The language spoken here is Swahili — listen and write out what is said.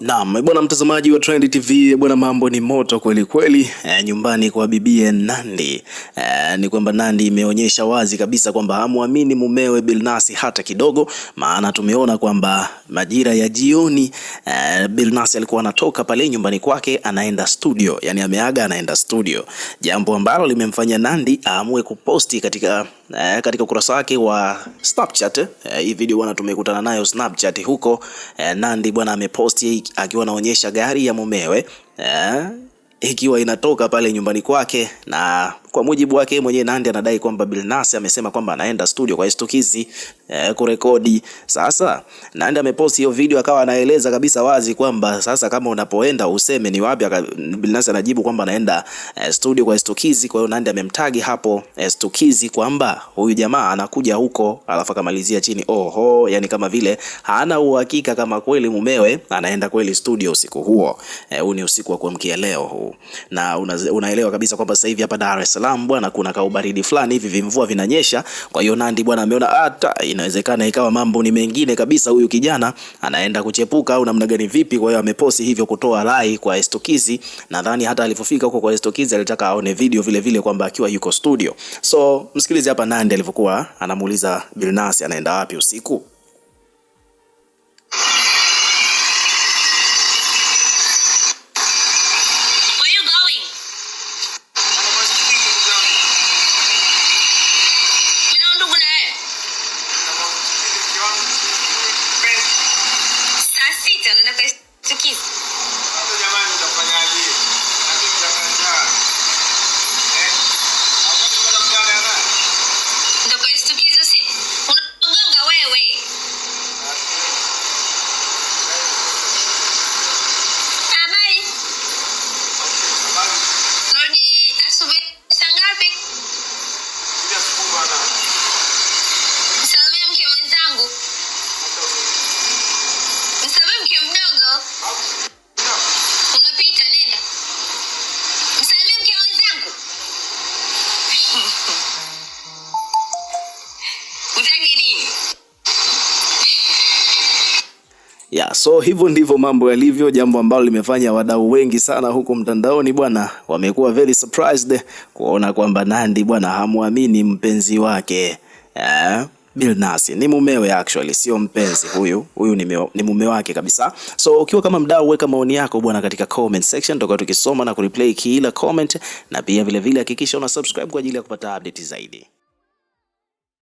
Naam, eh, bwana mtazamaji wa Trend TV, eh, bwana mambo ni moto kweli kweli. E, nyumbani kwa bibie Nandi E, ni kwamba nandi imeonyesha wazi kabisa kwamba hamwamini mumewe bilnasi hata kidogo, maana tumeona kwamba majira ya jioni e, Bilnasi alikuwa anatoka pale nyumbani kwake anaenda studio, yani ameaga anaenda studio, jambo ambalo limemfanya Nandi aamue kuposti katika eh, katika ukurasa wake wa Snapchat eh, hii video bwana tumekutana nayo Snapchat huko eh, Nandy bwana ameposti akiwa anaonyesha gari ya mumewe eh, ikiwa inatoka pale nyumbani kwake na kwa mujibu wake mwenyewe Nandy anadai kwamba Billnass amesema kwamba anaenda studio kwa istukizi eh, kurekodi. Sasa Nandy ameposti hiyo video akawa anaeleza kabisa wazi kwamba sasa kama unapoenda useme ni wapi. Billnass anajibu kwamba anaenda eh, studio kwa istukizi. Kwa hiyo Nandy amemtagi hapo istukizi eh, kwamba huyu jamaa anakuja huko, alafu akamalizia chini oho, yani kama vile hana uhakika kama kweli mumewe anaenda kweli studio usiku huo. Eh, huu eh, ni usiku wa kuamkia leo huu, na una, unaelewa kabisa kwamba sasa hivi hapa Dar es Salaam Salaam bwana, kuna kaubaridi fulani hivi, vimvua vinanyesha. Kwa hiyo Nandy bwana ameona hata ah, inawezekana ikawa mambo ni mengine kabisa, huyu kijana anaenda kuchepuka au namna gani vipi? Kwa hiyo ameposti hivyo kutoa rai kwa Estokizi. Nadhani hata alipofika huko kwa Estokizi alitaka aone video vile vile kwamba akiwa yuko studio. So msikilize hapa Nandy alivyokuwa anamuuliza Billnass anaenda wapi usiku. Cristiano na festa aqui. Yeah, so hivyo ndivyo mambo yalivyo, jambo ambalo limefanya wadau wengi sana huko mtandaoni bwana wamekuwa very surprised kuona kwamba Nandy bwana hamwamini mpenzi wake eh. Billnass ni mumewe actually, sio mpenzi huyu, huyu ni, ni mume wake kabisa. So ukiwa kama mdau, weka maoni yako bwana katika comment section, tutakuwa tukisoma na kureplay kila comment, na pia vilevile hakikisha una subscribe kwa ajili ya kupata update zaidi.